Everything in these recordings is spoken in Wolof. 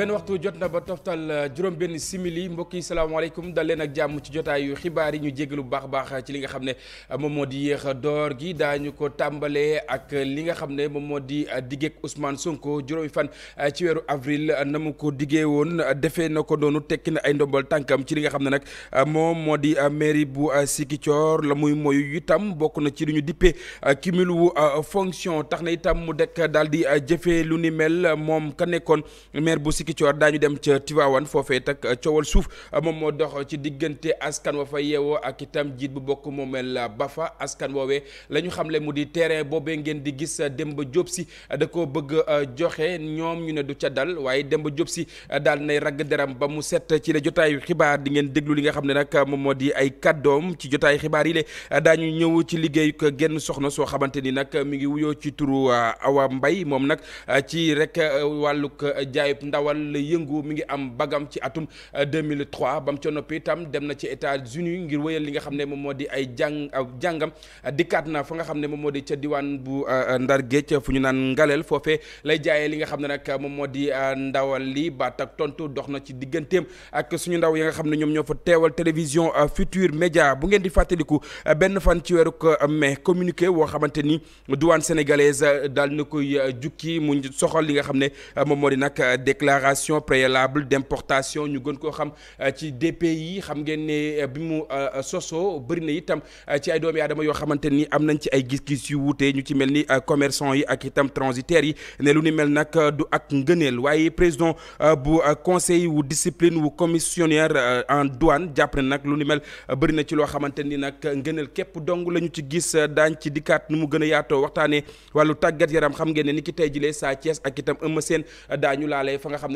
benn waxtu jot na ba toftal euh, juróom benn simili mbokk yi salaamaaleykum dal leen ak jàmm ci jotaayu xibaar yi ñu jégalu bu baax baax ci euh, euh, li nga xam ne moom moo di yéex door gi daañu ko tàmbalee ak li nga xam ne moom moo di diggeeg Ousmane Sonko juróomi fan ci weeru avril na mu ko diggee woon defee na ko doonu tekki na ay ndombal tànkam ci li nga xam ne nag moom moo di mairie bu Sikicoor la muy moyu itam bokk na ci lu ñu dippee cumul wu fonction tax na itam mu dekk daal di jëfee lu ni mel moom ka nekkoon maire bu Sikicoor Ziguinchor daañu dem ca Tivaouane foofee tak coowal suuf moom moo dox ci diggante askan wa fa yeewoo ak itam jiit bu bokk moomeel Bafa askan woowee la ñu xamle mu di terrain boobee ngeen di gis Demba Diop si da ko bëgg euh, joxe ñoom ñu ne du ca dal waaye Demba Diop si euh, daal nay ragg deram ba mu set ci la jotaayu xibaar di ngeen déglu li nga xam ne nag moom moo di ay kàddoom ci jotaayu xibaar yi le euh, daañu ñëw ci liggéeyu ko genn soxna soo xamante ni nag mi ngi wuyoo ci turu Awa Mbaye moom nag ci rek wàllug jaayub ndawal la yëngu mi ngi am bagam ci atum 2003 ba mu ca noppi itam dem na ci États-Unis ngir wéyal li nga xam ne moom moo di ay jàng jàngam euh, dikkaat na fa nga xam ne moom moo di ca diwaan bu euh, euh, Ndar Géej fu ñu naan ngaleel foofee lay jaayee li nga xam ne nag moom moo di ndawal li baat ak tontu dox na ci digganteem ak suñu ndaw yi nga xam ne ñoom ñoo fa teewal télévision Futur Média bu ngeen di fàttaliku benn fan ci weeru mai communiqué woo xamante ni diwaan sénégalaise daal na koy jukki mu soxal li nga xam ne moom moo di nag déclaration autorisation préalable d'importation ñu gën koo xam euh, ci DPI xam ngeen ne euh, bi mu euh, soso bëri na itam ci ay doomi aadama yoo xamante ni am nañ ci ay gis-gis yu wuute ñu ci mel ni commerçant yi ak itam transitaires yi ne lu ni mel nag du ak ngëneel waaye président bu conseil wu discipline wu commissionnaire en douane jàpp ne nag lu ni mel bëri na ci loo xamante ni nag ngëneel képp dong la ñu ci gis daañ ci dikkaat nu mu gën a yaatoo waxtaanee wàllu tàggat yaram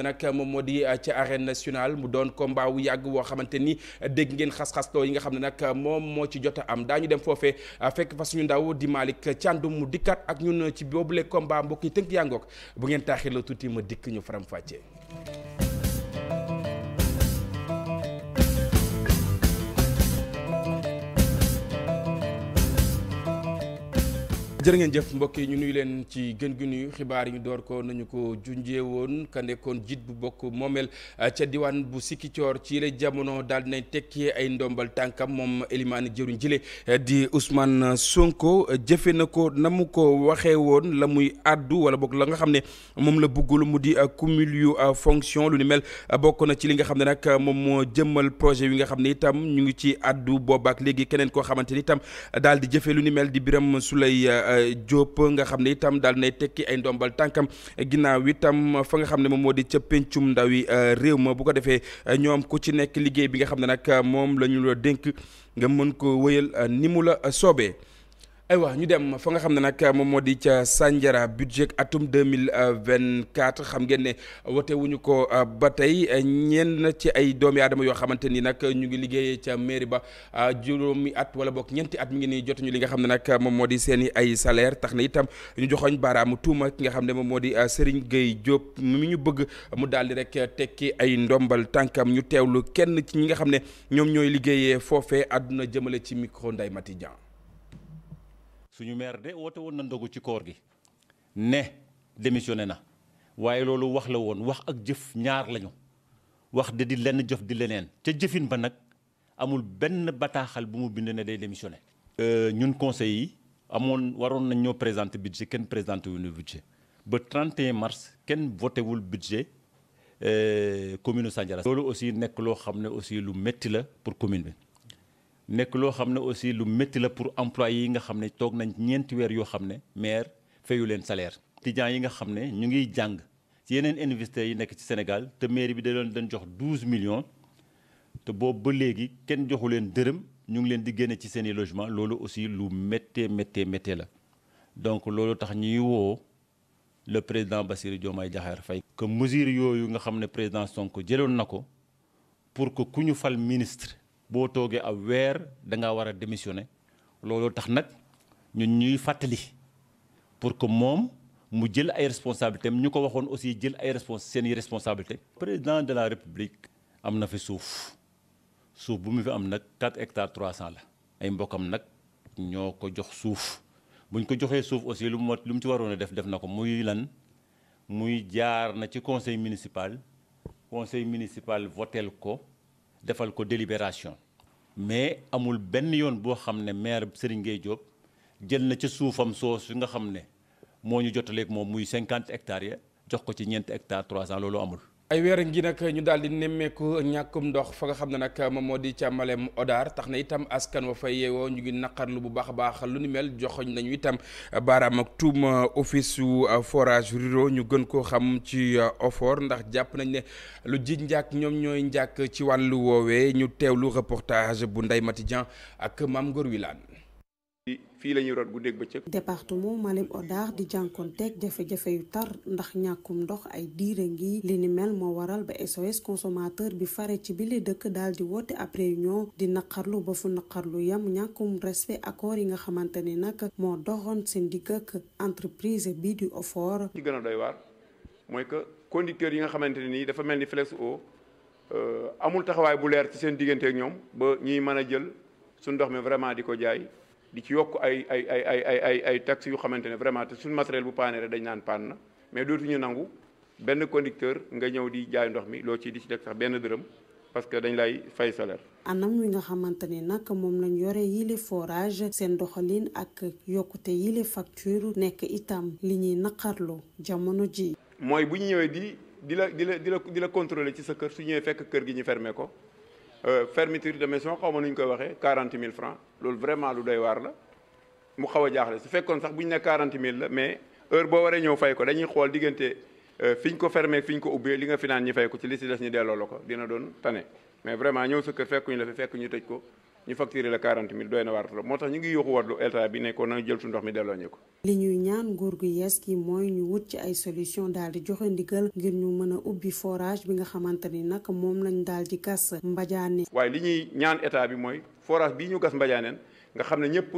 nag moom moo di uh, ci arène nationale mu doon combat wu yàgg woo xamante ni uh, dégg ngeen xas-xasloo xas yi nga xam ne nag uh, moom moo ci jot am daa ñu dem foofe fekk fa suñu ndaw di Malick Thiandoum mu dikkat ak ñun ci boobule combat mbokk yi tënk yaa ngoog bu ngeen taaxee la tuuti ma dikk ñu faram fàccee jërë jëf mbokk yi ñu nuyu leen ci gën gi nuyu xibaar yi ñu door ko nañu ko junjee woon ka nekkoon jiit bu bokk moomeel uh, ca diwaan bu Sikicoor ci la jamono daal dinañ tekkee ay ndombal tànkam moom Elimaane jëruñ jile uh, di Ousmane Sonko uh, jëfe na ko na mu ko waxee woon la muy àddu wala bokk la nga xam ne moom la buggul mu di cumul yu fonction lu ni mel bokk na ci li nga xam ne nag moom moo jëmal projet yi nga xam ne itam ñu ngi ci àddu boobaak léegi keneen koo xamante ni itam daal di jëfe lu ni mel di Birame lay Diop nga xam ne itam daal nay tekki ay ndombal tànkam ginnaaw itam fa nga xam ne moom moo di ca pencum ndawi euh, réew ma bu ko defee euh, ñoom ku ci nekk liggéey bi nga xam ne nag euh, moom la ñu la dénk nga mën ko wëyal ni mu la soobee. aywa ñu dem fa nga xam ne nag moom moo di ca Sandiara budget atum deux mille vingt quatre xam ngeen ne wote ko euh, ba tey euh, ñeen ci ay doomi aadama yoo xamante ni nag ñu ngi liggéeyee ca mairie ba euh, juróomi at wala boog ñeenti at mi ngi nii jotuñu li nga xam ne nag moom moo di seeni i ay salaire tax na itam ñu joxoñ baaraamu tuuma ki nga xam ne moom moo di Serigne Gueye Diop mi ñu bëgg mu daal di rek tekki ay ndombal tànkam ñu teewlu kenn ci ñi nga xam ne ñoom ñooy liggéeyee foofee àdduna jëmale ci micro Ndeye Mati Dian suñu maire de woote woon na ndogu ci koor gi ne démissionné na waaye loolu wax la woon wax ak jëf ñaar lañu wax de di lenn jëf di leneen ca jëfin ba nag amul benn bataaxal bu mu bind ne day démissionné. Euh, ñun conseil yi amoon waroon nañ ñoo présenter budget kenn présenté nu budget ba 31 mars kenn voté wul budget euh, commune Sandiara. loolu aussi nekk loo xam ne aussi lu métti la pour commune bi. nekk loo xam ne aussi lu métti la pour employé yi nga xam ne toog nañ ñeenti weer yoo xam ne maire fayu leen salaire. étudiants yi nga xam ne ñu ngi jàng ci yeneen université yi nekk ci Sénégal te mairie bi da leen dañ jox 12 millions te boobu ba léegi kenn joxu leen dërëm ñu ngi leen di génne ci seen i logement loolu aussi lu méttee méttee méttee la donc loolu tax ñuy woo le président Bassirou Diomaye Diakhar fay comme mesure yooyu nga xam ne président sonk jëloon na ko pour que ministre boo toogee ab weer da nga war a démissionner looloo tax nag ñun ñuy fàttali pour que moom mu jël ay responsabilités ñu ko waxoon aussi jël ay respons seen i responsabilités. président de la république am na fi suuf suuf bu mu fi am nag 4 hectares 300 la ay mbokkam nag ñoo ko jox suuf bu ñu ko joxee suuf aussi lu mu lu mu ci waroon a def def na ko muy lan muy jaar na ci conseil municipal conseil municipal votel ko. defal ko délibération mais amul benn yoon boo xam ne maire Serigne Gueye Diop jël na ca suufam soo su nga xam ne moo ñu jotaleeg moom muy 50 hectares ya jox ko ci ñeenti hectares 300 loolu amul ay weer ngi nag ñu daal di nemmeeku ñàkkum ndox fa nga xam ne nag moom moo di càmmalem Odar tax na itam askan wa fa yeewoo ñu ngi naqarlu bu baax a baax lu ni mel joxoñ nañu itam baaraam ak tuum office su forage ruraux ñu gën koo xam ci OFOR ndax jàpp nañ ne lu ji njàkk ñoom ñooy njàkk ci wàllu woowee ñu teewlu reportage bu Ndeye Mati Dieng ak Mame Ngor Wilane fii la ñuy root guddeeg bëccëg. département Malem Hodar di jànkoonteeg jafe-jafe yu tar ndax ñàkkum ndox ay diire ngi li ni mel moo waral ba SOS consommateur bi fare ci bile dëkk daal di woote ab réunion di naqarlu ba fu naqarlu yam ñàkkum respect accord yi nga xamante ni nag moo doxoon seen digg ak entreprise bii di Ofor. ci gën a doy waar mooy que conducteurs yi nga xamante ne nii dafa mel ni Flex O euh, amul taxawaay bu leer ci seen diggante ak ñoom ba ñuy mën a jël mi vraiment di di ci yokk ay ay ay ay ay ay ay taxes yu xamante ne vraiment te suñu matériel bu paane rek dañ naan panne na mais ñu nangu benn conducteur nga ñëw di jaay ndox mi loo ci di ci teg sax benn dërëm parce que dañ lay fay salaire. anam wi nga xamante ne nag moom lañu yore yile forage seen doxalin ak yokkute yile facture nekk itam li ñuy naqarlu jamono ji mooy bu ñu ñëwee di di la di la di la di la ci sa kër su ñëwee fekk kër gi ñu fermé ko. Euh, fermeture de maison xaw ma nu ñu koy waxee quarante mille francs loolu vraiment lu doy waar la mu xaw a jaaxle su fekkoon sax bu ñu ne quarante mille la mais heure boo waree ñëw fay ko dañuy xool diggante euh, fi ñu ko fermé fi ñu ko ubbee li nga finaan naan ñi fay ko ci li si des ñu delloo la ko dina doon tane mais vraiment ñëw sa kër fekkuñu la fi fekk ñu tëj ko ñu facturé la 40 mille doy na waar trop moo tax ñu ngi yuuxu warlu état bi ne ko na jël su ndox mi delloo ñu ko. li ñuy ñaan nguur gu yees gi mooy ñu wut ci ay solution daal di joxe ndigal ngir ñu mën a ubbi forage bi nga xamante ni nag moom lañ daal di gas mbajaane. waaye li ñuy ñaan état bi mooy forage bii ñu gas mbajaaneen nga xam ne ñëpp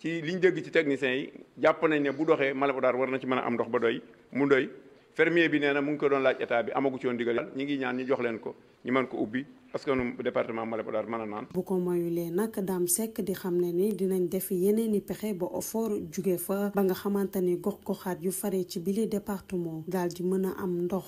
ci liñ dégg ci techniciens yi jàpp nañ ne bu doxee mala bu Malaboudaar war na ci mën a am ndox ba doy mu doy fermier bi nee na mu ngi ko doon laaj état bi amagu ci woon ndigal ñu ngi ñaan ñi jox leen ko ñu mën ko ubbi askanu département Malem Hodar mën a naan. bu ko moyulee nag daam sekk di xam ne ni dinañ def yeneen i pexe ba OFOR jóge fa ba nga xamante ni gox goxaat yu fare ci bile département daal di mën a am ndox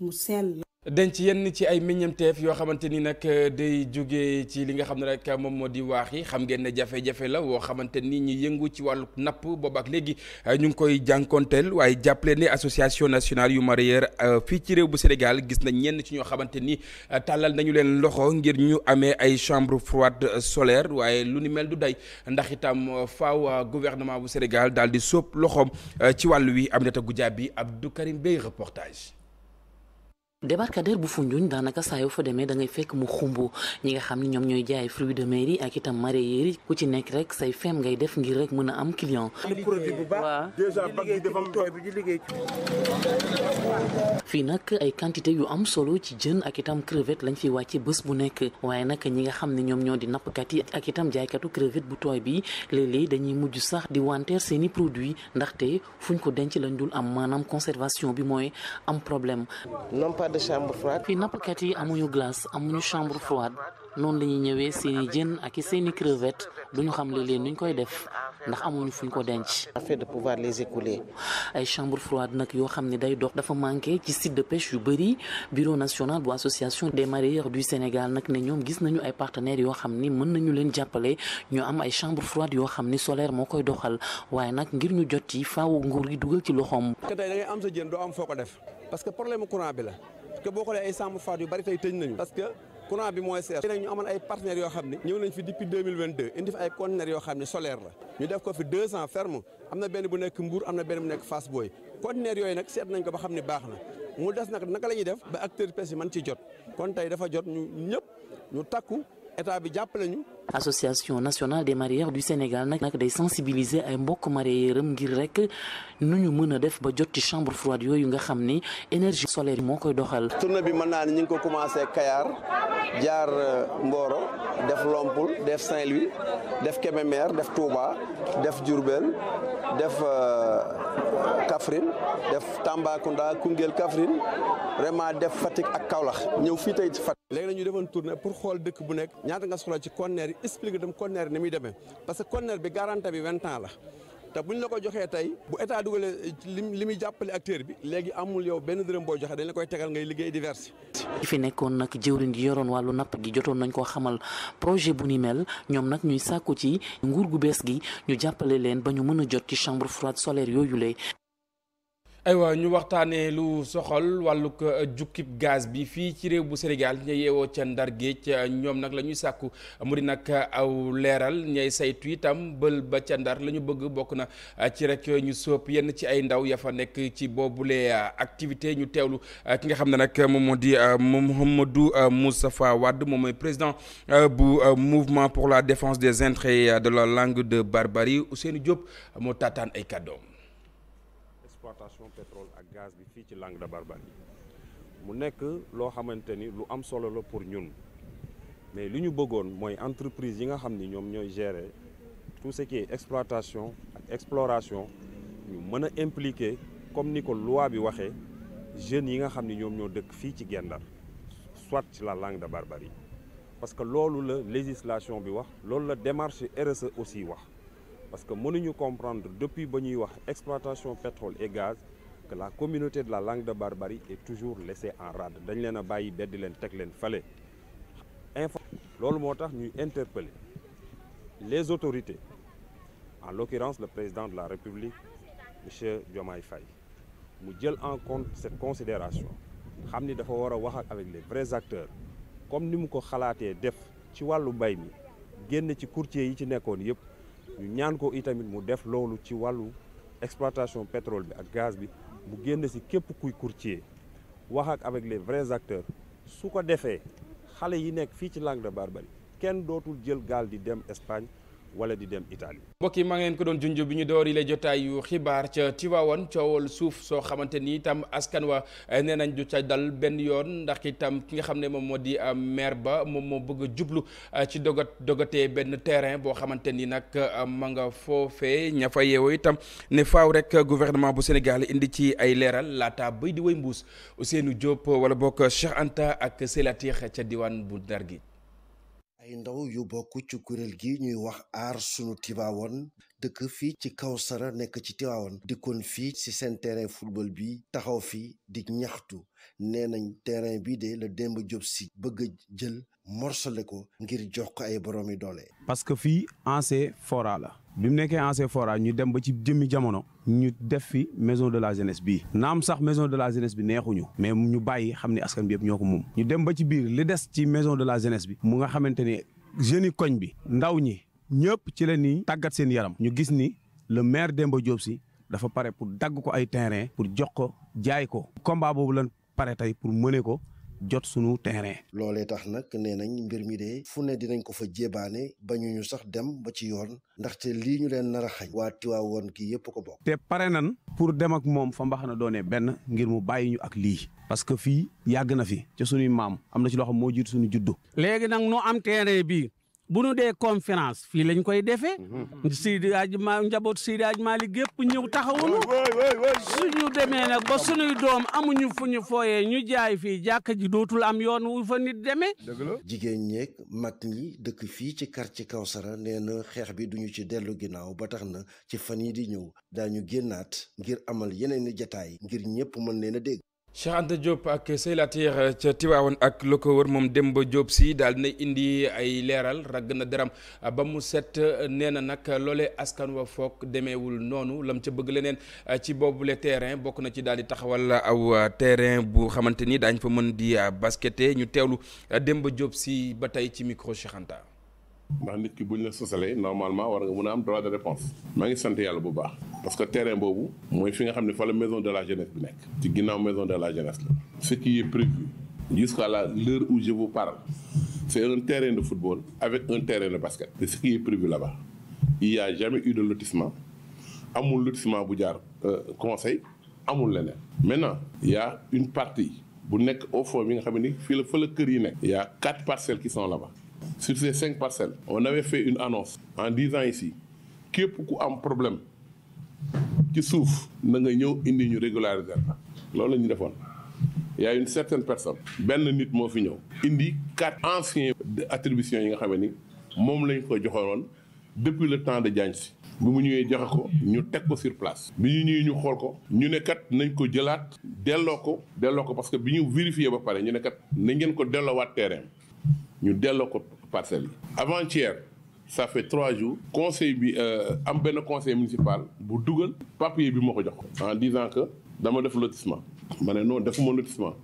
mu sell. denc yenn ci ay meññamteef yoo xamante ni nag euh, day jóge ci li nga xam ne rek moom moo di waax yi xam ngeen ne jafe-jafe la woo xamante ni ñu yëngu ci wàllu napp boobaak léegi euh, ñu ngi koy jànkonteel waaye jàppale ni association nationale yu mareyeur euh, fii ci réew bu Sénégal gis nañ ñenn ci ñoo xamante ni tàllal nañu leen loxo ngir ñu amee ay chambre froide solaire waaye lu ni mel du day ndax itam faw gouvernement bu Sénégal daal di sóob loxoom ci wàllu wi Aminata Goudiaby Abdou Karim Bey reportage débarcadère bu Foundiougne daanaka saa yoo fa demee dangay fekk mu xumbu ñi nga xam ne ñoom ñooy jaay fruits de mer yi ak itam mareyeur yi ku ci nekk rek say fem ngay def ngir rek mën a am client. waaw déjà liggéey. fii nag ay quantité yu am solo ci jën ak itam crevette lañ fi wàcce bés bu nekk waaye nag ñi nga xam ne ñoom ñoo di nappkat yi ak itam jaaykatu crevette bu tooy bi léeg-léeg dañuy mujj sax di wanteer seeni produits ndaxte fuñ ko denc lañ dul am maanaam conservation bi mooy am problème. de chambre froide. nappkat yi amuñu glace amuñu chambre froide noonu la ñuy ñëwee seen i jën ak i seen i crevettes duñu xam li leen nuñ koy def ndax amuñu ñu ko denc. afin de pouvoir les écouler. ay chambre froide nag yoo xam ne day dox dafa manqué ci site de pêche yu bëri bureau national bu association des mareyeurs du Sénégal nag ne ñoom gis nañu ay partenaires yoo xam ni mën nañu leen jàppale ñu am ay chambre froide yoo xam ni solaire moo koy doxal waaye nag ngir ñu jot ci faaw nguur yi dugal ci loxom que tey da ngay am la. que boo xoolee ay chambre froide yu bari tey tëj nañu parce que courant bi mooy seer ñu amoon ay partenaires yoo xam ne ñëw nañ fi depuis 2022 indi fi ay conteneurs yoo xam ne solaire la ñu def ko fi am na benn bu nekk Mbour am na benn bu nekk Fass Boye yooyu nag seet nañ ko ba xam ne baax na mu des nag naka la def ba acteur pes yi ci jot kon tey dafa jot ñu ñëpp ñu takku état bi jàpp ñu association nationale des mareyeurs du Sénégal nag nag day sensibiliser ay mbokk mareyeuram ngir rek nu ñu mën a def ba jot ci chambre froide yooyu nga xam ni énergie solaire moo koy doxal. tournée bi mën naa ne ñu ngi ko commencé Kayar jaar Mboro euh, def Lompul def Saint-Louis def Kébémer def Touba def Diourbel def euh, Kaffrine def Tambacounda Koungheul Kaffrine vraiment def Fatick ak Kaolack ñëw fii tey ci Fatick. léegi nag ñu defoon tournée pour xool dëkk bu nekk ñaata nga soxla ci conteneur yi expliqué dem conteneur ni muy demee parce que conteneur bi garante bi vingt ans la. te bu ñu la ko joxee tey bu état dugalee eh, li muy jàppale acteur bi léegi amul yow benn dërëm boo joxe dañ la koy tegal ngay liggéey diverse ki fi nekkoon nag jëwriñ ji yoroon wàllu napp gi jotoon nañ koo xamal projet bu ni mel ñoom nag ñuy sàkku ci nguur gu bees gi ñu jàppale leen ba ñu mën a jot ci chambre froide solaire yooyu lay aywa ñu waxtaanee lu soxal wàllug euh, jukkib gaz bi fii ci réew bu Sénégal ña yeewoo ca Ndar Géej euh, ñoom nag la ñuy sàkku mu di nag euh, aw leeral ñay saytu itam bël ba ca Ndar la ñu bëgg bokk na ci rek ñu sóob yenn ci ay ndaw ya fa nekk ci boobule activité ñu teewlu ki nga xam ne nag moom di Mouhamadou Moustapha Wade moom mooy président bu mouvement pour la défense des intérêts de la langue de Barbarie Ousseynou Diop moo taataan ay kàddoom. gaz bi fii ci Langue de Barbarie mu nekk loo xamante ni lu am solo la pour ñun mais lu ñu bëggoon mooy entreprise yi nga xam ni ñoom ñooy gérer tout ce qui exploitation ak exploration ñu mën a impliquer comme ni ko loi bi waxee jeunes yi nga xam ni ñoom ñoo dëkk fii ci Guet Ndar soit ci la Langue de Barbarie parce que loolu la législation bi wax loolu la démarche RSE aussi wax parce que mënuñu comprendre depuis ba ñuy wax exploitation pétrole et gaz que la communauté de la langue de barbarie est toujours laissée en rade dañ leen a bàyyi beddi leen teg leen fale info loolu moo tax ñuy interpeller les autorités en l'occurrence le président de la République monsieur Diomaye fay mu jël en compte cette considération xam ni dafa war a wax ak avec les vrais acteurs comme ni mu ko xalaatee def ci wàllu mbay mi génn ci courtier yi ci nekkoon yëpp ñu ñaan ko itamit mu def loolu ci wàllu exploitation pétrole bi ak gaz bi mu génn si képp kuy courtier wax ak avec les vrais acteurs su ko defee xale yi nekk fii ci Langue de Barbarie kenn dootul jël gaal di dem Espagne wala di dem Italie. mbokk yi maa ngeen ko doon junj bi ñu door yi lay jotaayu xibaar ca Tiwaawan coowal suuf soo xamante nii itam askan wa eh, nee nañ du ca dal benn yoon ndax itam ki nga xam ne moom moo di eh, maire ba moom moo bëgg jublu eh, ci dogat dogatee benn terrain boo xamante ni nag ma nga foofee ña fa yeewoo itam ne faw rek gouvernement bu Sénégal indi ci ay leeral laata bay di way mbuus Ousseynou Diop wala bokk Cheikh Anta ak Selatir ca diwaan bu Ndar gi ay ndaw yu bokk ci kuréel gi ñuy wax aar sunu Tivaouane dëkk fii ci Kawsara nekk ci Tivaouane dikkoon fii ci seen terrain football bi taxaw fii di ñaxtu nee nañ terrain bi de la Demba Diop si bëgg jël morcelé ko ngir jox ko ay borom doole. parce que fii ancien fora la. bi mu nekkee ancien fora ñu dem ba ci jëmmi jamono. ñu def fi maison de la jeunesse bii. naam sax maison de la jeunesse bi neexuñu. mais ñu bàyyi xam ne askan bi yëpp ñoo ko moom. ñu dem ba ci biir li des ci maison de la jeunesse bi. mu nga xamante ne jeunes yi koñ bi. ndaw ñi ñëpp ci la ñuy tàggat seen yaram. ñu gis ni le maire Demba Diop si dafa pare pour dagg ko ay terrain. pour jox ko jaay ko. combat boobu lan pare tey pour mëne ko. jot sunu terrain. loolee tax nag nee nañ mbir mi de fu ne dinañ ko fa jébaane ba ñu sax dem ba ci yoon ndaxte lii ñu leen nar a xañ waa Tiwaawoon kii yëpp ko bokk. te pare nan pour dem ak moom fa mbax na doone benn ngir mu bàyyi ñu ak lii. parce que fii yàgg na fi ci sunuy maam am na ci loo moo jiitu suñu juddu. léegi nag noo am terrain bi bu nu dee conférence fii lañ koy defee. Mhm. Seydi Aji Ma njaboot Seydi Aji Malik gépp ñëw taxawunu suñu demee nag ba suñuy doom amuñu fu ñu fooyee ñu jaay fii jàkka ji dootul am yoon wu fa nit demee. jigéen ñeeg mag ñi dëkk fii ci ci Kawsara nee na xeex bi duñu ci dellu ginnaaw ba tax na ci fan yi di ñëw daañu génnaat ngir amal yeneen i jataay ngir ñëpp mën leen a dégg. Cheikh Anta Diop ak Seylatir ca Tiwaawan ak lu ko wër moom Demba Diop si daal dina indi ay leeral ragg na deram ba mu set nee na nag loolee askan wa foog demeewul noonu lam ca bëgg leneen ci boobule terrain bokk na ci daal di taxawal aw terrain bu xamante ni daañ fa mën di baskete ñu teewlu Demba Diop si ba tey ci micro Cheikh ndax nit ki buñ la sosalee normalement war nga mën a am droit de réponse ngi sant yàlla bu baax parce que terrain boobu mooy fi nga xam ne fa la maison de la jeunesse bi nekk ci ginnaaw maison de la jeunesse la ce qui est prévu jusqu'à la l'heure où je vous parle c'est un terrain de football avec un terrain de basket c'est ce qui est prévu là-bas il y a jamais eu de lotissement amul lotissement bu jaar euh, conseil amul leneen maintenant il y a une partie bu nekk au fond bi nga xam ne fii la fa la kër yi nekk il y a quatre parcelles qui sont sur ces cinq parcelles on avait fait une annonce en disant ici képp ku am problème ci suuf na ñëw indi ñu régulariser la loolu la ñu defoon y a une certaine personne benn nit moo fi ñëw indi quatre anciens attributions yi nga xam ni moom lañ ko joxoon depuis le temps de Diagne Sy bi mu ñëwee joxe ko ñu teg ko sur place bi ñu ñëwee ñu xool ko ñu ne kat nañ ko jëlaat delloo ko delloo ko parce que bi ñu vérifié ba pare ñu ne kat na ngeen ko delloowaat terrain ñu delloo ko parcelles yi. avant-hier ça fait trois jours conseil bi euh, am benn conseil municipal bu dugal papier bi moo ko jox ko en disant que dama def lotissement ma ne non defuma lotissement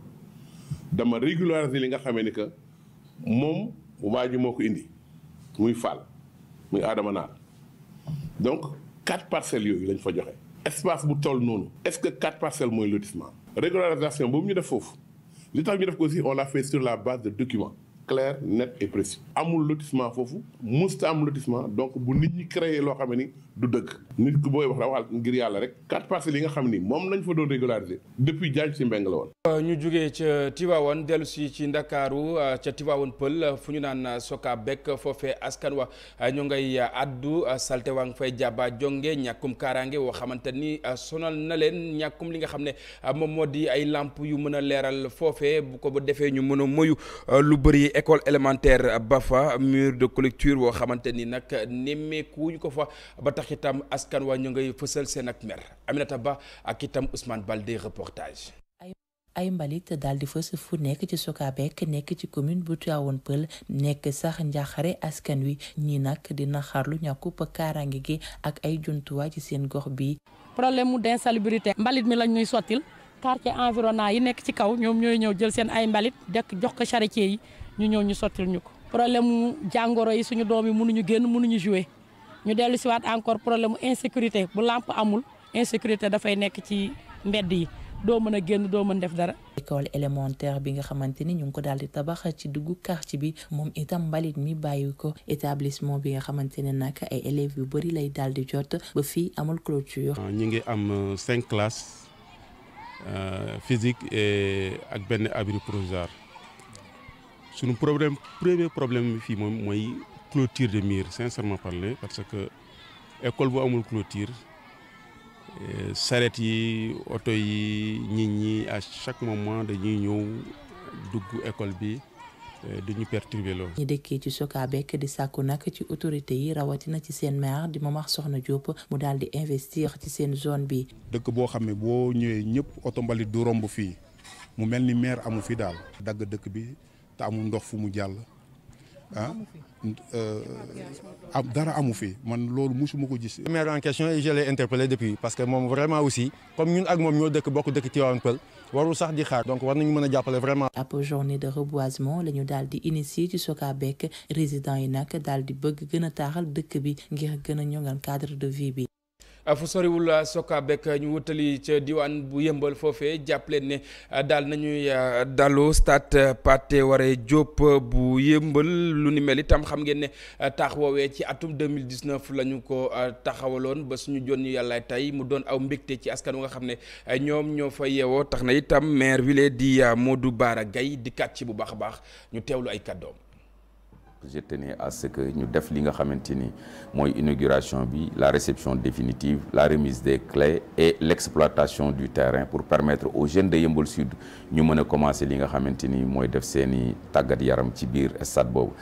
dama régulariser li nga xamee ni que moom waa ji moo ko indi muy Fall muy Adama Naar donc quatre parcelles yooyu lañ fa joxe. espace bu toll noonu. est-ce que quatre parcelles mooy lotissement. régularisation boobu ñu def foofu li tax ñu def ko aussi on l'a fait sur la base de documents. clair net et précis amul lotissement foofu musta am lotissement donc bu nit ñi créer loo xam ne ni du dëkk nit ku booy wax la waxal ngir yàlla rek quatre parcelles yi nga xam ni moom lañ fa doon régulariser depuis jaaj si mbeng la woon euh, ñu jógee ca Tivaouane dellu si ci Ndakaaru euh, ca Tivaouane Pël euh, fu ñu naan Soka Bek foofe askan wa ñoo ngay addu salte waa ngi fay jaba jonge ñàkkum kaaraange woo xamante ni sonal na leen ñàkkum li nga xam ne moom moo di ay làmp yu mën a leeral foofee bu ko ba defee ñu mën a moyu lu bëri école élémentaire ba fa mur de collecture woo xamante ni nag nemmeeku ko fa tax itam askan waa ñu ngay fësal seen ak mer Aminata Ba ak itam Ousmane Baldé reportage. ay mbalit daal di fës fu nekk ci Sokabek nekk ci commune bu Tivaouane Peulh nekk sax njaaxare askan wi ñii nag dina xarlu ñàkkub kaaraange gi ak ay jumtuwaay ci seen gox bi problème mu d'insalubrité mbalit mi lañ ñuy sottil quartier environnant yi nekk ci kaw ñoom ñooy ñëw jël seen ay mbalit dekk jox ko charretier yi ñu ñëw ñu sottil ñu ko problème mu jàngoro yi suñu doom yi mënuñu génn mënuñu jouer ñu dellu si waat encore problème insécurité bu làmp amul insécurité dafay nekk ci mbedd yi doo mën a génn doo mën def dara. école élémentaire bi nga xamante ni ñu ngi ko daal di tabax ci dugg quartier bi moom itam mbalit mi bàyyi ko établissement bi nga xamante ne nag ay élèves yu bëri lay daal di jot ba fii amul clôture. Euh, ñu ngi am euh, cinq classes euh, physique et ak benn abri provisoire suñu problème premier problème bi fii moom mooy clôture de mur sincèrement parler parce que école bu amul clôture saret euh, yi oto yi nit ñi à chaque moment dañuy ñëw dugg école bi euh, duñu perturber loolu. ñu dëkkee ci Sokabek di sàkku nag ci autorité yi rawatina ci seen maire di Momar Soxna Diop mu daal di investir ci seen zone bi. dëkk boo xam ne boo ñëwee ñëpp oto mbali du romb fii mu mel ni maire amu fi daal. dagg dëkk bi te amul ndox fu mu jàll. ah euh, am dara amu fi man loolu musuma ko gis. maire en question et je l'ai interpellé depuis parce que moom vraiment aussi comme ñun ak moom ñoo dëkk bokk dëkk Tivaouane Peulh warul sax di xaar donc war nañu mën a jàppale vraiment. ab journée de reboisement la ñu daal di initier ci Sokabek résidents yi nag daal di bëgg gën a taaxal dëkk bi ngir gën a ñoŋal cadre de vie bi. Ah, fu soriwul ah, soka bek ñu wutali ca diwaan bu yëmbal foofee jàppaleen ne ah, daal nañuy dalu stade Pathé Waré Diop bu yëmbal lu ni mel itam xam ngeen ne taax woowee ci atum 2019 la ñu ko taxawaloon ba suñu jonn yàlla tey mu doon aw mbégte ci askan wu nga xam ne ñoom ñoo fa yeewoo tax na itam maire wile di Modou Bara Gaye di kat ci bu baax a baax ñu teewlu ay kàddoom je tenais à ce que ñu def li nga xamante ni mooy inauguration bi la réception définitive la remise de clés et l'exploitation du terrain pour permettre aux jeunes de yembul Sud ñu mën a commencer li nga xamante ni mooy def seeni tàggat yaram ci biir stade boobu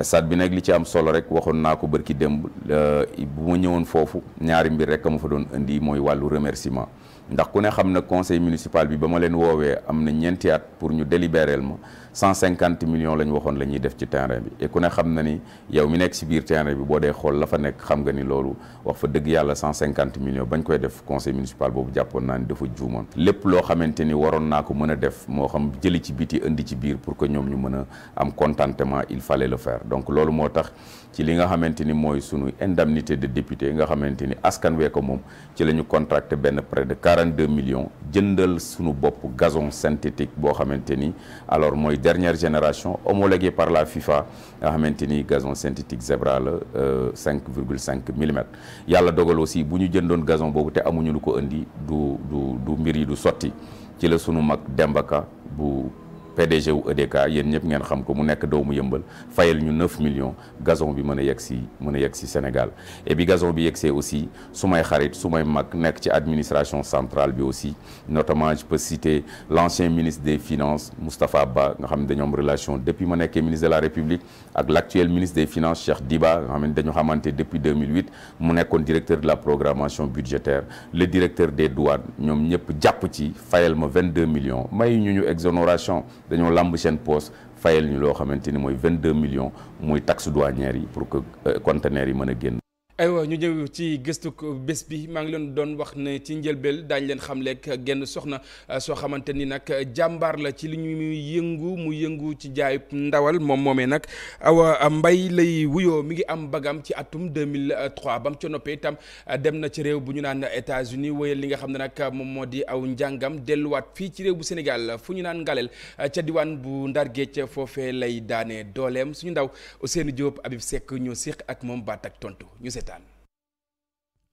stade bi nag li ci am solo rek waxoon naa ko bërki démb euh, bu ma ñëwoon foofu ñaari mbir rek mu fa doon indi mooy wàllu remerciement ndax ku ne xam na conseil municipal bi ba ma leen woowee am na ñeenti at pour ñu délibérer ma cent cinquante millions la ñu waxoon lañuy def ci terrain bi et ku ne xam na ni yow mi nekk si biir terrain bi boo dee xool lafa nekk xam nga ni loolu wax fa dëgg yàlla cent cinquante millions bañ koy def conseil municipal boobu jàppoon naa ni dafa juumoon lépp loo xamante ni waroon naa ko mën a def moo xam jëli ci biti indi ci biir pour que ñoom ñu mën a am contentement il fallait le faire donc loolu moo tax ci li nga xamante ni mooy sunu indemnité de député nga xamante ni askan wee ko moom ci la ñu contracté benn près de 42 millions jëndal sunu bopp gazon synthétique boo xamante ni alors mooy dernière génération homologué par la FIFA nga xamante ni gazon synthétique Zebra la 5 euh, virgule 5 millimètres yàlla dogal aussi bu ñu jëndoon gazon boobu te amuñu lu ko indi du du du mbir yi du sotti ci la sunu mag Demba bu PDG wu EDK yéen ñëpp ngeen xam ko mu nekk doomu yëmbal fayal ñu 9 millions gazon bi mën a yegg si mën a yegg si Sénégal et bi gazon bi yeggsee aussi su may xarit su may mag nekk ci administration centrale bi aussi notamment je peux lancien ministre des finances Moustapha Ba nga xam ne dañoo relation depuis ma nekkee ministre de la République ak l' actuel ministre des finances Cheikh Diba nga xam ne dañu xamante depuis mu nekkoon directeur de la programmation budgétaire le directeur de duwaat ñoom ñëpp jàpp ci fayal ma 22 millions may ñu ñu exonération dañoo làmb seen poos fayal ñu loo xamante ni mooy 22 millions muy taxe douanière yi pour que euh, conteneurs yi mën a génn. aywa ñu ñëw ci gëstu bés bi maa ngi leen doon wax ne ci njëlbeel daañu leen xam lekk genn soxna euh, soo xamante ni nag jàmbaar la ci li ñuy yëngu mu yëngu ci jaay ndawal moom moomee nag aw mbay lay wuyoo mi ngi am bagam ci atum 2003 ba mu ci noppee itam euh, dem na ci réew bu ñu naan États-Unis wéyal li nga xam ne nag moom moo di aw njàngam delluwaat fii ci réew bu Sénégal fu ñu naan ngaleel euh, ca diwaan bu Ndar Géej foofee lay daanee dooleem suñu ndaw Ousseynou Diop Habib ak moom seetaan.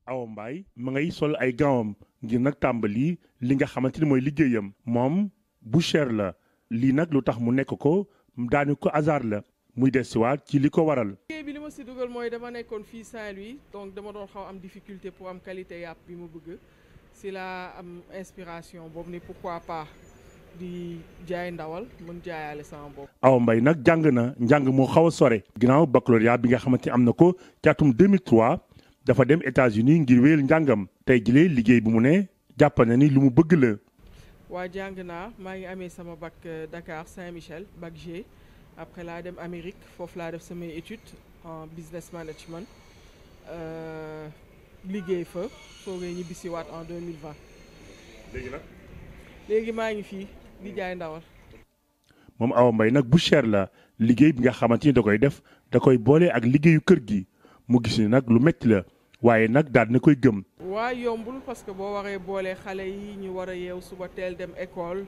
mbaay Mbaye ma ngay sol ay gawam ngir nag tàmbali li nga xamante ni mooy liggéeyam moom bu boucher la lii nag lu tax mu nekk ko daanu ko hasard la muy desiwaat ci li ko waral. liggéey bi li ma si dugal mooy dama nekkoon fii Saint-Louis donc dama doon xaw am difficulté pour am qualité yàpp bi ma bëgg si la am inspiration boobu ne pourquoi pas. di jaay ndawal mën jaayaale sama bopp. Awa Mbaye nag jàng na njàng mu xaw a sore. ginaaw baccalauréat bi nga xamante ne am na ko ci atum 2003 dafa dem États-Unis ngir wéyal njàngam tey jëlee liggéey bu mu ne jàpp na ni lu mu bëgg la. waa jàng naa maa ngi amee sama bac euh, Dakar Saint-Michel bac G après laa dem Amérique foofu laa def samay études en business management euh, liggéey fa soogay ñibbisiwaat en 2020. léegi nag. léegi maa ngi fii. di jaay moom Awa Mbaye nag bu cher la liggéey bi nga xamante ni da koy def da koy boole ak liggéeyu kër gi mu gis ni nag lu metti la waaye nag daal na koy gëm. waa yombul parce que boo waree boole xale yi ñu war a yeew suba teel dem ecole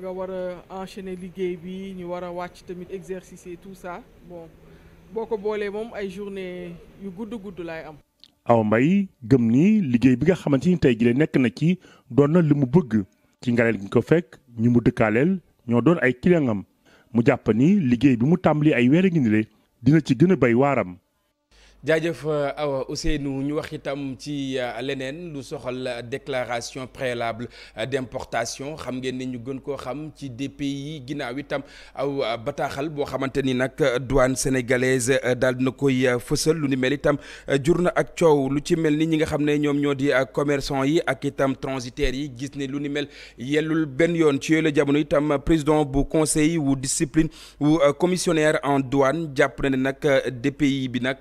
nga war a enchaîner liggéey bi ñu war a wàcc tamit exercice et tout ça boo ko boolee moom ay journée yu gudd gudd laay am. Awa Mbaye gëm ni liggéey bi nga xamante ni tey jii nekk na ci doon na li mu bëgg ci ngaleel gi ko fekk. ñi mu dëkkaaleel ñoo doon ay client mu jàpp ni liggéey bi mu tàmbali ay weer a ngi dina ci gën a bay waaram jaajëf euh, Awa Ousseynou ñu wax itam ci euh, leneen lu soxal euh, déclaration préalable d'importation xam ngeen ne ñu gën koo xam ci DPI yi ginnaaw itam aw bataaxal boo xamante ni nag douane sénégalaise daal na koy fësal lu ni mel itam jur na ak coow lu ci mel ni ñi nga xam ne ñoom ñoo di commerçant yi ak itam transitaires yi gis ne lu ni mel yellul benn yoon ci yooyu la jamono itam président bu conseil wu discipline wu commissionnaire en douane jàpp na nag DPI bi nag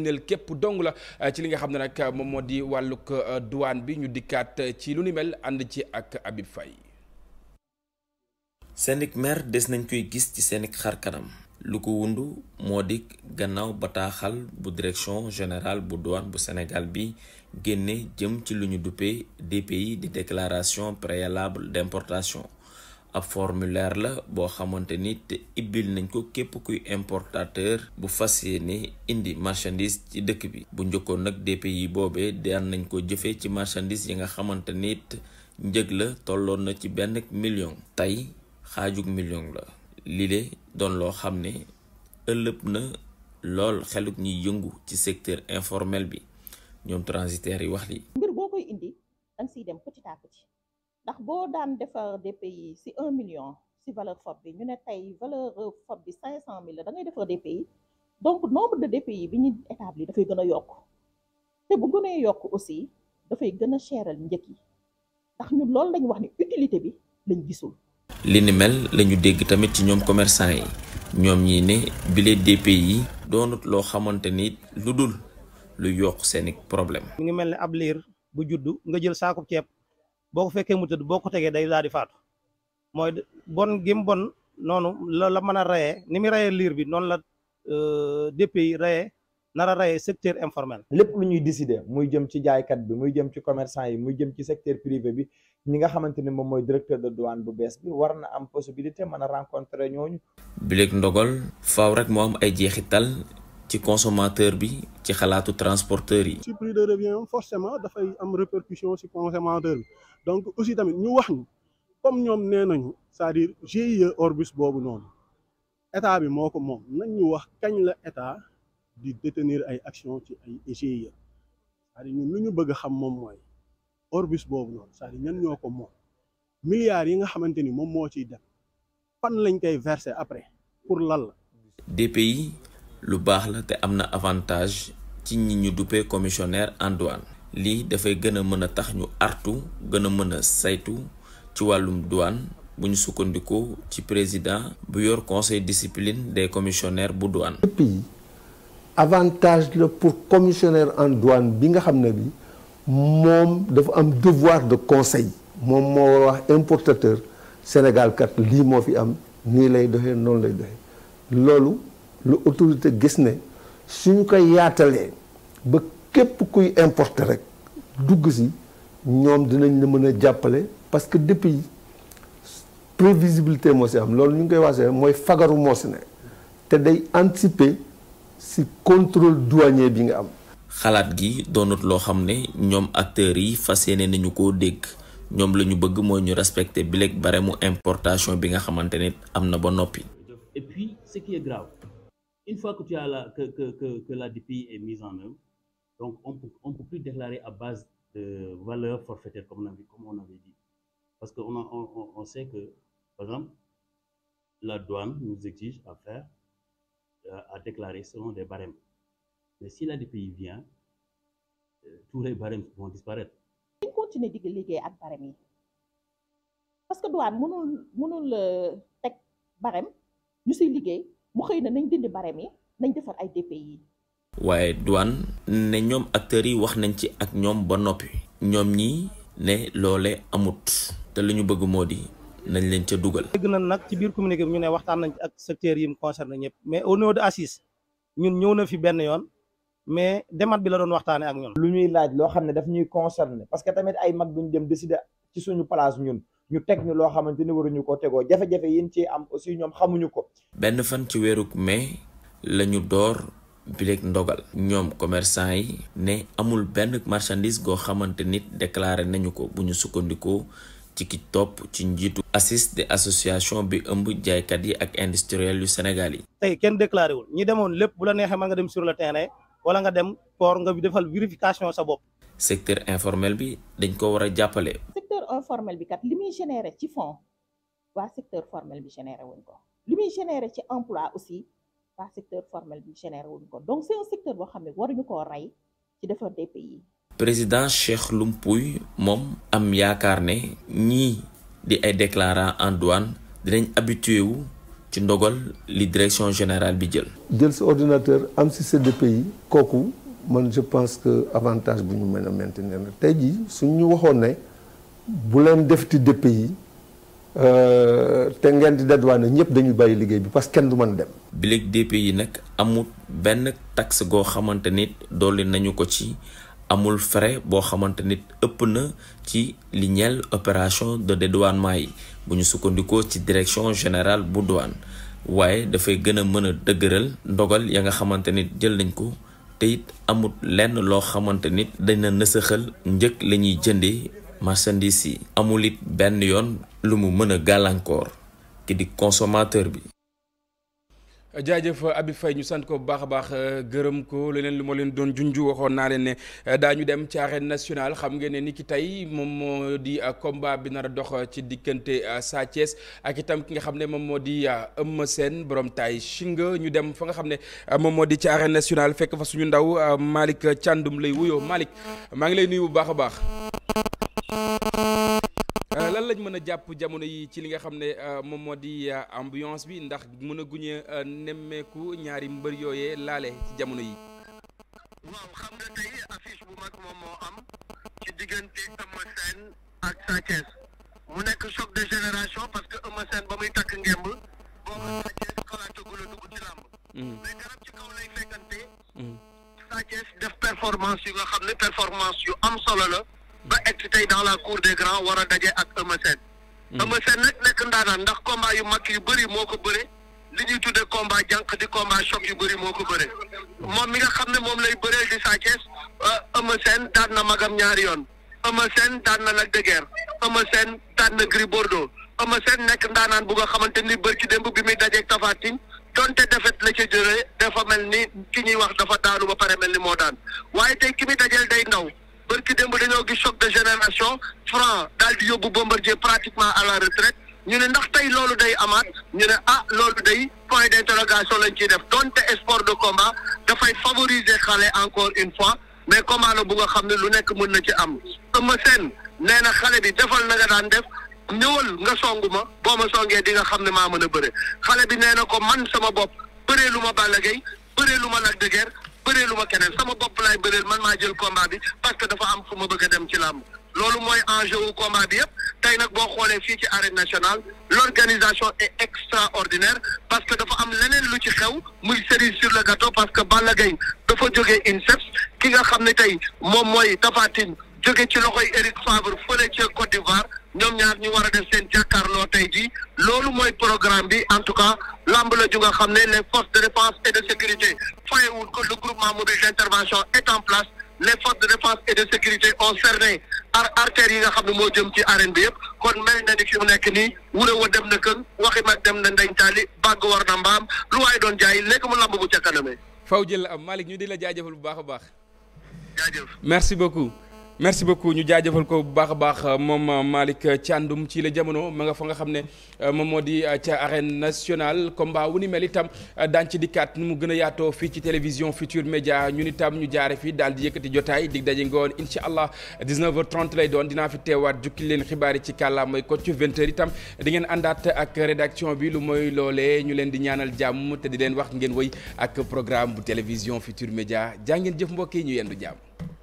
ngëneel képp dong la eh, ci li nga xam ne nag eh, moom moo di wàllug eh, douane bi ñu dikkaat ci lu ni mel ànd ci ak Habib Faye senik mer des nañ koy gis ci senik xar kanam lu ko wundu moo di gannaaw bataaxal bu direction générale bu douane bu Sénégal bi génne jëm ci lu ñu duppee DPI di déclaration préalable d'importation ab formulaire la boo xamante ni te ibbil nañ ko képp kuy importateur bu fas yéene indi marchandise ci dëkk bi bu njëkkoon nag DPI yi boobee daan nañ ko jëfee ci marchandise yi nga xamante nit njëg la tolloon na ci benn million tey xaajug million la lii de doon loo xam ne ëllëg na lool xeluk ni yëngu ci secteur informel bi ñoom transitaire yi wax li ndax boo daan defar DPI si un million si valeur fob bi ñu ne tey valeur fab bi cinq cent mille la defar DPI donc nombre de DPI bi ñu établi dafay gën a yokk te bu gënee yokk aussi dafay gën a cheral njëkk yi ndax ñun loolu lañ wax ni utilité bi lañ gisul li ni mel lañu dégg tamit ci ñoom commerçant yi ñoom ñi ne bile yi doonut loo xamante ni lu dul lu yokk seeni problème mi ngi mel ne ab liir bu juddu nga jël saakub ceeb boo ko fekkee mu tëdd boo ko tegee day daal di faatu mooy bon gim bon noonu la la mën a rayee ni muy rayee liir bi noonu la euh, DPI rayee nar a rayee secteur informel. lépp lu ñuy décider muy jëm ci jaaykat bi muy jëm ci commerçant yi muy jëm ci secteur privé bi ñi nga xamante ni moom mooy directeur de douane bu bees bi war na am possibilité mën a rencontrer ñooñu. bileeg ndogal faaw rek moom ay jeexi tal ci consommateur bi ci xalaatu transporteur yi. ci prix de revient forcément dafay am répercussion ci consommateur bi. donc aussi tamit ñu wax ñu comme ñoom nee nañu c'est-à-dire GIE Orbus boobu noonu état bi moo ko moom nañ ñu wax kañ la état di détenir ay actions ci ay GIE cest dire ñun lu ñu bëgg a xam moom mooy Orbus boobu noonu cest dire ñan ñoo ko moom milliards yi nga xamante ni moom moo ciy dem fan lañ koy verser après pour lan la. DPI lu baax la te am na avantage ci ñi ñu duppee commissionnaire en lii dafay gën a mën a tax ñu artu gën a mën a saytu ci wàllum duwaan bu ñu sukkandikoo ci président bu yor conseil discipline des commissionnaires bu douane. pays avantage la pour commissionnaire en douane bi nga xam ne bi moom dafa am devoir de conseil moom moo war wax importateur sénégalkat lii moo fi am nii lay doxee noonu lay doxee loolu lu autorité gis ne suñu koy yaatalee képp kuy importer rek dugg si ñoom dinañ la mën a jàppale parce que depuis prévisibilité moo si am loolu ñu ngi koy waasee mooy fagaru moo si ne te day anticiper si contrôle douanier bi nga am. xalaat gi doonut loo xam ne ñoom acteurs yi fas yéene nañu ko dégg ñoom la ñu bëgg mooy ñu respecter bileeg bare mu importation bi nga xamante ne am na ba noppi. et puis ce qui est la que que que la Donc, on peut, ne peut plus déclarer à base de valeur forfaitaire, comme on avait, comme on avait dit. Parce qu'on on, on, sait que, par exemple, la douane nous exige à faire, euh, à, déclarer selon des barèmes. Mais si la DPI vient, euh, tous les barèmes vont disparaître. dañ continuer di liggéey ak barème yi parce que douane mënul mënul euh, teg barème ñu siy liggéey mu xëy na nañ dindi barème yi nañ defar ay DPI yi waaye douane ne ñoom acteurs yi wax nañ ci ak ñoom ba noppi ñoom ñi ne loole amut te li ñu bëgg moo di nañ leen ca dugal. dégg nañ nag ci biir communiqué bi ñu ne waxtaan nañ ci ak secteurs yi mu concerné ñëpp mais au niveau de assise ñun ñëw na fi benn yoon mais demat bi la doon waxtaanee ak ñun. lu ñuy laaj loo xam ne daf ñuy concerné parce que tamit ay mag duñ dem décider ci suñu place ñun ñu teg ñu loo xamante ne waruñu ko tegoo jafe-jafe yi am aussi ñoom xamuñu ko. benn fan ci weeruk mai lañu door. bileeg ndogal ñoom commerçant yi ne amul benn marchandise goo xamante nit déclaré nañu ko bu ñu sukkandikoo ci ki topp ci njiitu assis de association bi ëmb jaaykat yi ak industriel yu Sénégal yi tey kenn déclaré wul ñi demoon lépp bu la neexee ma nga dem sur le terrain wala nga dem port nga defal vérification sa bopp secteur informel bi dañ ko war a jàppale secteur informel bi kat li muy généré ci fonds waa secteur formel bi généré wuñ ko li waa secteur formel bi généré ko donc boo xam ne waruñu koo rey ci defar des pays. président Cheikh Lumpuy moom am yaakaar ne ñii di ay déclarants en dinañ habitué wu ci ndogal li direction générale bi jël. jël sa ordinateur am si yi kooku man je pense que avantage bu ñu mën a maintenir tey jii suñu waxoon ne bu leen defti yi Euh, te ngeen di dédouane ñëpp dañuy bàyyi liggéey bi parce que kenn du mën dem. bileeg DP yi nag amul benn taxe goo xamante nit dolli nañu ko ci amul frais boo xamante nit ëpp na ci li ñeel opération de dédouanement yi bu ñu sukkandikoo ci direction générale bu douane waaye dafay gën a mën a dëgëral ndogal ya nga xamante nit jël nañ ko. te it amut lenn loo xamante nit dana nësaxal njëkk la ñuy jëndee marchandise yi amul it benn yoon lu mu mën a gàllankoor ki di consommateur bi. jaajëf abi Faye ñu sant ko bu baax a baax gërëm ko leneen lu ma leen doon junju waxoon naa leen ne daañu dem ci arène nationale xam ngeen ne ni ki tey moom moo di ah, combat bi nar a dox ah, ci diggante ah, Sa ak itam ki nga xam ne moom moo di Eumeu seen borom taay Shinga ñu dem fa nga xam ne moom moo di ci national fekk fa suñu ndaw Malick Thiandoum lay wuyo Malick maa ngi lay nuyu bu baax a baax. lañ mën a jàpp jamono yi ci li nga xam ne euh, moom moo di euh, ambiance bi ndax mën a guñe euh, nemmeeku ñaari mbër yooyee laale ci jamono yi. waaw xam nga tey affiche bu mag moom moo am ci diggante Eumeu Sène ak Sa mu nekk choc de génération parce que Eumeu Sène ba muy takk ngemb booba Sa Thiès xalaatagul a dugg ci làmb. Mhm. mais garab ci kaw lay fekkante. Mhm. Sa def performance yu nga xam ne performance yu am solo la. ba egg tey dans la cour des grands war a daje ak Eumeu Sène. Hmm. Eumeu Sène nag nekk ndaanaan ndax combat yu mag yu bëri moo ko bëre li ñuy tuddee combat jànq di combat choc yu bëri moo ko bëre moom mi nga xam ne moom lay bëreel di Sa Thiès euh, Eumeu Sène daan na magam ñaari yoon Eumeu Sène daan na Lac de Guiers Eumeu Sène daan na Gris Bordeaux Eumeu Sène nekk ndaanaan bu nga xamante ni bërki démb bi muy dajeeg Tapha Tine donte defet na ca jëlee dafa mel ni ki ñuy wax dafa daanu ba pare me ni moo daan waaye tey ki muy dajeel day ndaw. barki démb dañoo gis choc de génération franc daal di yóbbu bombardier pratiquement à la retraite ñu ne ndax tey loolu day amaat ñu ne ah loolu day point d' interrogation lañ ciy def donte sport de combat dafay favoriser xale encore une fois mais combat la bu nga xam ne lu nekk mën na ci am. Eumeu Sène nee na xale bi defal na nga daan def ñëwal nga song ma boo ma songee di nga xam ne maa mën a bëre xale bi nee na ko man sama bopp bëree lu ma Balla Gaye bëree lu ma Lac de bëreelu ma keneen sama bopp laay bëreel man maa jël combat bi parce que dafa am fu ma bëgg a dem ci làmb loolu mooy enjeu wu combat bi yëpp tey nag boo xoolee fii ci arène nationale l'organisation est extraordinaire parce que dafa am leneen lu ci xew muy cerise sur le gâteau parce que Balla Gaye dafa jógee INSEPS ki nga xam ne tey moom mooy Tapha Tine jóge ci loxoy Eric Favre fële ca Côte d'Ivoire ñoom ñaar ñu war a def seen jàkkaarloo tey jii loolu mooy programme bi en tout cas lamb la ju nga xam ne les forces de défense et de sécurité fayewul ko le groupement mobile d'intervention est en place les forces de défense et de sécurité ont cerné ar artères yi nga xam ne moo jëm ci arène bi yëpp kon mel na ni fi mu nekk nii wure wa dem na kën waxi mag dem na ndeñ taali bàgg war na mbaam lu waaye doon jaay léegi mu lamb bu ca kanamee faw jël la am Malick ñu di la jaajëfal bu baax a baax jaajëf merci beaucoup merci beaucoup ñu jaajëfal ko bu baax a baax euh, moom euh, Malick Thiandoum ci la jamono ma nga fa nga xam ne euh, moom moo di ca arène nationale combat wu ni mel itam daan ci dikkaat nu mu gën a yaatoo fii ci télévision Futur Média ñun itam ñu jaare fii daal di yëkkati jotaay dig daje ngoon incha allah 19h30 lay doon dinaa fi teewaat jukki leen xibaar yi ci kàllaamay ko ci 20h itam di ngeen ak rédaction bi lu mooy loolee ñu leen di ñaanal jàmm te di leen wax ngeen wëy ak programme bu télévision Futur Média jaa mbokk yi ñu yendu jàmm.